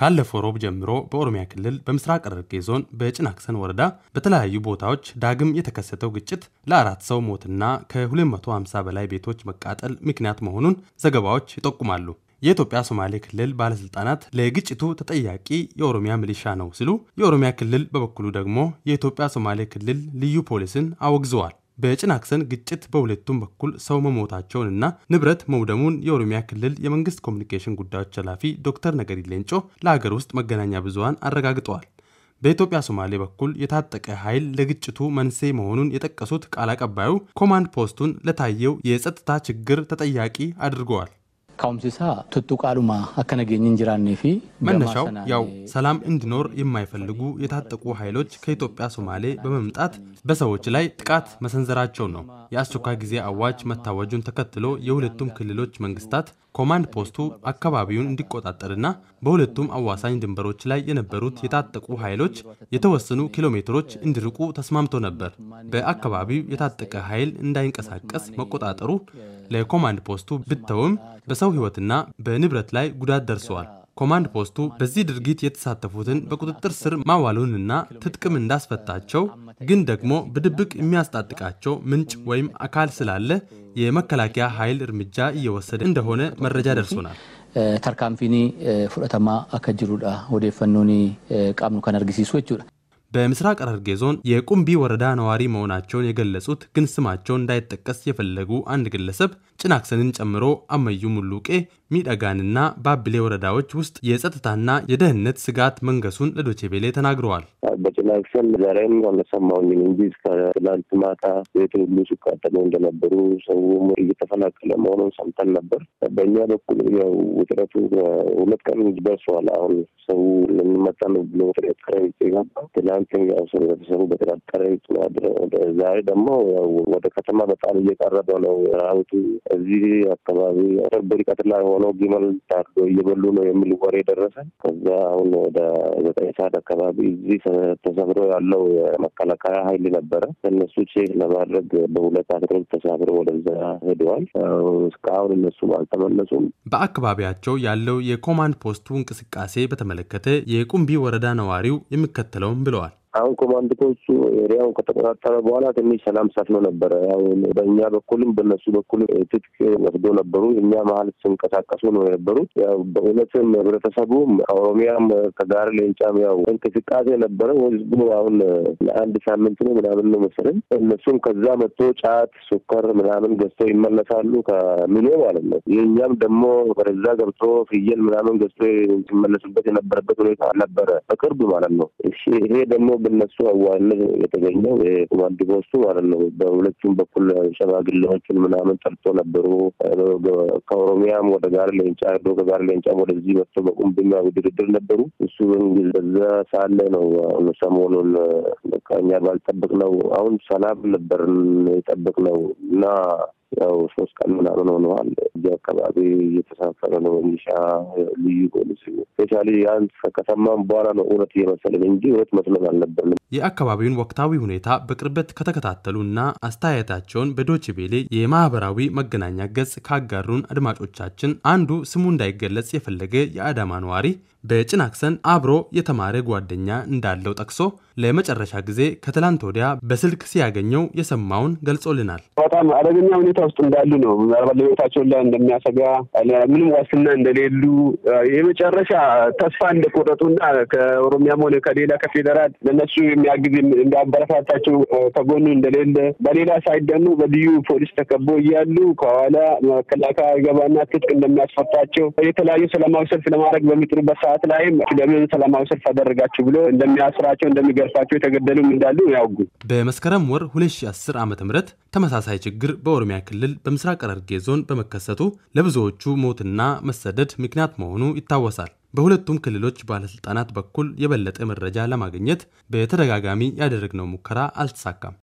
ካለፈው ሮብ ጀምሮ በኦሮሚያ ክልል በምስራቅ ሐረርጌ ዞን በጭናክሰን ወረዳ በተለያዩ ቦታዎች ዳግም የተከሰተው ግጭት ለአራት ሰው ሞትና ከ250 በላይ ቤቶች መቃጠል ምክንያት መሆኑን ዘገባዎች ይጠቁማሉ። የኢትዮጵያ ሶማሌ ክልል ባለስልጣናት ለግጭቱ ተጠያቂ የኦሮሚያ ሚሊሻ ነው ሲሉ፣ የኦሮሚያ ክልል በበኩሉ ደግሞ የኢትዮጵያ ሶማሌ ክልል ልዩ ፖሊስን አወግዘዋል። በጭናክሰን ግጭት በሁለቱም በኩል ሰው መሞታቸውንና ንብረት መውደሙን የኦሮሚያ ክልል የመንግስት ኮሚኒኬሽን ጉዳዮች ኃላፊ ዶክተር ነገሪ ሌንጮ ለሀገር ውስጥ መገናኛ ብዙኃን አረጋግጠዋል። በኢትዮጵያ ሶማሌ በኩል የታጠቀ ኃይል ለግጭቱ መንስኤ መሆኑን የጠቀሱት ቃል አቀባዩ ኮማንድ ፖስቱን ለታየው የጸጥታ ችግር ተጠያቂ አድርገዋል። መነሻው ያው ሰላም እንዲኖር የማይፈልጉ የታጠቁ ኃይሎች ከኢትዮጵያ ሶማሌ በመምጣት በሰዎች ላይ ጥቃት መሰንዘራቸው ነው። የአስቸኳይ ጊዜ አዋጅ መታወጁን ተከትሎ የሁለቱም ክልሎች መንግስታት ኮማንድ ፖስቱ አካባቢውን እንዲቆጣጠርና በሁለቱም አዋሳኝ ድንበሮች ላይ የነበሩት የታጠቁ ኃይሎች የተወሰኑ ኪሎሜትሮች እንዲርቁ ተስማምቶ ነበር። በአካባቢው የታጠቀ ኃይል እንዳይንቀሳቀስ መቆጣጠሩ ለኮማንድ ፖስቱ ብተውም በሰው ሕይወትና በንብረት ላይ ጉዳት ደርሰዋል። ኮማንድ ፖስቱ በዚህ ድርጊት የተሳተፉትን በቁጥጥር ስር ማዋሉንና ትጥቅም እንዳስፈታቸው ግን ደግሞ በድብቅ የሚያስጣጥቃቸው ምንጭ ወይም አካል ስላለ የመከላከያ ኃይል እርምጃ እየወሰደ እንደሆነ መረጃ ደርሶናል። ተርካንፊኒ ፉደተማ አከጅሩዳ ወደፈኖኒ ቃምኑ ከነርጊሲሱ አርጊሲሱ በምስራቅ ሐረርጌ ዞን የቁምቢ ወረዳ ነዋሪ መሆናቸውን የገለጹት ግን ስማቸው እንዳይጠቀስ የፈለጉ አንድ ግለሰብ ጭናክሰንን ጨምሮ አመዩ ሙሉቄ ሚደጋንና ባብሌ ወረዳዎች ውስጥ የጸጥታና የደህንነት ስጋት መንገሱን ለዶቼቤሌ ተናግረዋል። በጭናክሰን ዛሬም አልሰማሁኝም እንጂ እስከ ትላንት ማታ ቤት ሁሉ ሲቃጠሉ እንደነበሩ ሰውም እየተፈናቀለ መሆኑን ሰምተን ነበር። በእኛ በኩል ያው ውጥረቱ ሁለት ቀን ደርሷል። አሁን ሰው ልንመጣ ነው ብሎ ተጠረጠረ ይገባ ትላንት ያው ሰው ቤተሰቡ በተጠረጠረ ዛሬ ደግሞ ወደ ከተማ በጣም እየቀረበ ነው። ራውቱ እዚህ አካባቢ ርብ ርቀት ላይ ሆነ ነው ግመል ታርዶ እየበሉ ነው የሚል ወሬ ደረሰ። ከዛ አሁን ወደ ዘጠኝ ሰዓት አካባቢ እዚህ ተሰብሮ ያለው የመከላከያ ኃይል ነበረ። እነሱ ቼክ ለማድረግ በሁለት አትሮች ተሳብሮ ወደዛ ሄደዋል። እስካሁን እነሱ አልተመለሱም። በአካባቢያቸው ያለው የኮማንድ ፖስቱ እንቅስቃሴ በተመለከተ የቁምቢ ወረዳ ነዋሪው የሚከተለውም ብለዋል። አሁን ኮማንድ ፖስቱ ኤሪያውን ከተቆጣጠረ በኋላ ትንሽ ሰላም ሰፍኖ ነበረ። ያው በእኛ በኩልም በነሱ በኩልም ትጥቅ ወስዶ ነበሩ። እኛ መሀል ስንቀሳቀሱ ነው የነበሩት። ያው በእውነትም ህብረተሰቡም ኦሮሚያም ከጋር ሌንጫም ያው እንቅስቃሴ ነበረ። ህዝቡ አሁን ለአንድ ሳምንት ነው ምናምን ነው መሰለኝ። እነሱም ከዛ መጥቶ ጫት፣ ሱከር ምናምን ገዝተው ይመለሳሉ ከምኖ ማለት ነው። የእኛም ደግሞ ወደዛ ገብቶ ፍየል ምናምን ገዝቶ ሲመለሱበት የነበረበት ሁኔታ ነበረ፣ በቅርብ ማለት ነው። ይሄ ደግሞ በነሱ አዋነት የተገኘው። የኮማንድ ፖስቱ ማለት ነው። በሁለቱም በኩል ሸማግሌዎችን ምናምን ጠርቶ ነበሩ። ከኦሮሚያም ወደ ጋር ሌንጫ ዶ ከጋር ሌንጫም ወደዚህ መጥቶ በቁምብኛ ድርድር ነበሩ። እሱ እንግዲህ በዛ ሳለ ነው አሁን ሰሞኑን ከኛ ባልጠበቅ ነው። አሁን ሰላም ነበር የጠበቅ ነው እና ያው ሶስት ቀን ምናምን ሆነዋል። እዚህ አካባቢ እየተሳፈረ ነው ሚሻ ልዩ ፖሊስ ስፔሻሊ አንድ ከሰማም በኋላ ነው እውነት እየመሰለን እንጂ እውነት መስለን አልነበርንም። የአካባቢውን ወቅታዊ ሁኔታ በቅርበት ከተከታተሉ እና አስተያየታቸውን በዶችቤሌ የማህበራዊ መገናኛ ገጽ ካጋሩን አድማጮቻችን አንዱ ስሙ እንዳይገለጽ የፈለገ የአዳማ ነዋሪ በጭናክሰን አብሮ የተማረ ጓደኛ እንዳለው ጠቅሶ ለመጨረሻ ጊዜ ከትላንት ወዲያ በስልክ ሲያገኘው የሰማውን ገልጾልናል። በጣም አደገኛ ሁኔታ ውስጥ እንዳሉ ነው። ምናልባት ለቤታቸውን ላይ እንደሚያሰጋ ምንም ዋስትና እንደሌሉ የመጨረሻ ተስፋ እንደቆረጡና ከኦሮሚያም ሆነ ከሌላ ከፌዴራል ለነሱ የሚያግዝ እንዳበረታታቸው ከጎኑ እንደሌለ በሌላ ሳይድ ደግሞ በልዩ ፖሊስ ተከቦ እያሉ ከኋላ መከላከያ ገባና ትጥቅ እንደሚያስፈታቸው የተለያዩ ሰላማዊ ሰልፍ ለማድረግ በሚጥሩበት ሰዓት ላይም ለምን ሰላማዊ ሰልፍ አደረጋችሁ ብሎ እንደሚያስራቸው እንደሚገርፋቸው የተገደሉም እንዳሉ ያውጉ። በመስከረም ወር 2010 ዓ ም ተመሳሳይ ችግር በኦሮሚያ ክልል በምስራቅ ሐረርጌ ዞን በመከሰቱ ለብዙዎቹ ሞትና መሰደድ ምክንያት መሆኑ ይታወሳል። በሁለቱም ክልሎች ባለሥልጣናት በኩል የበለጠ መረጃ ለማግኘት በተደጋጋሚ ያደረግነው ሙከራ አልተሳካም።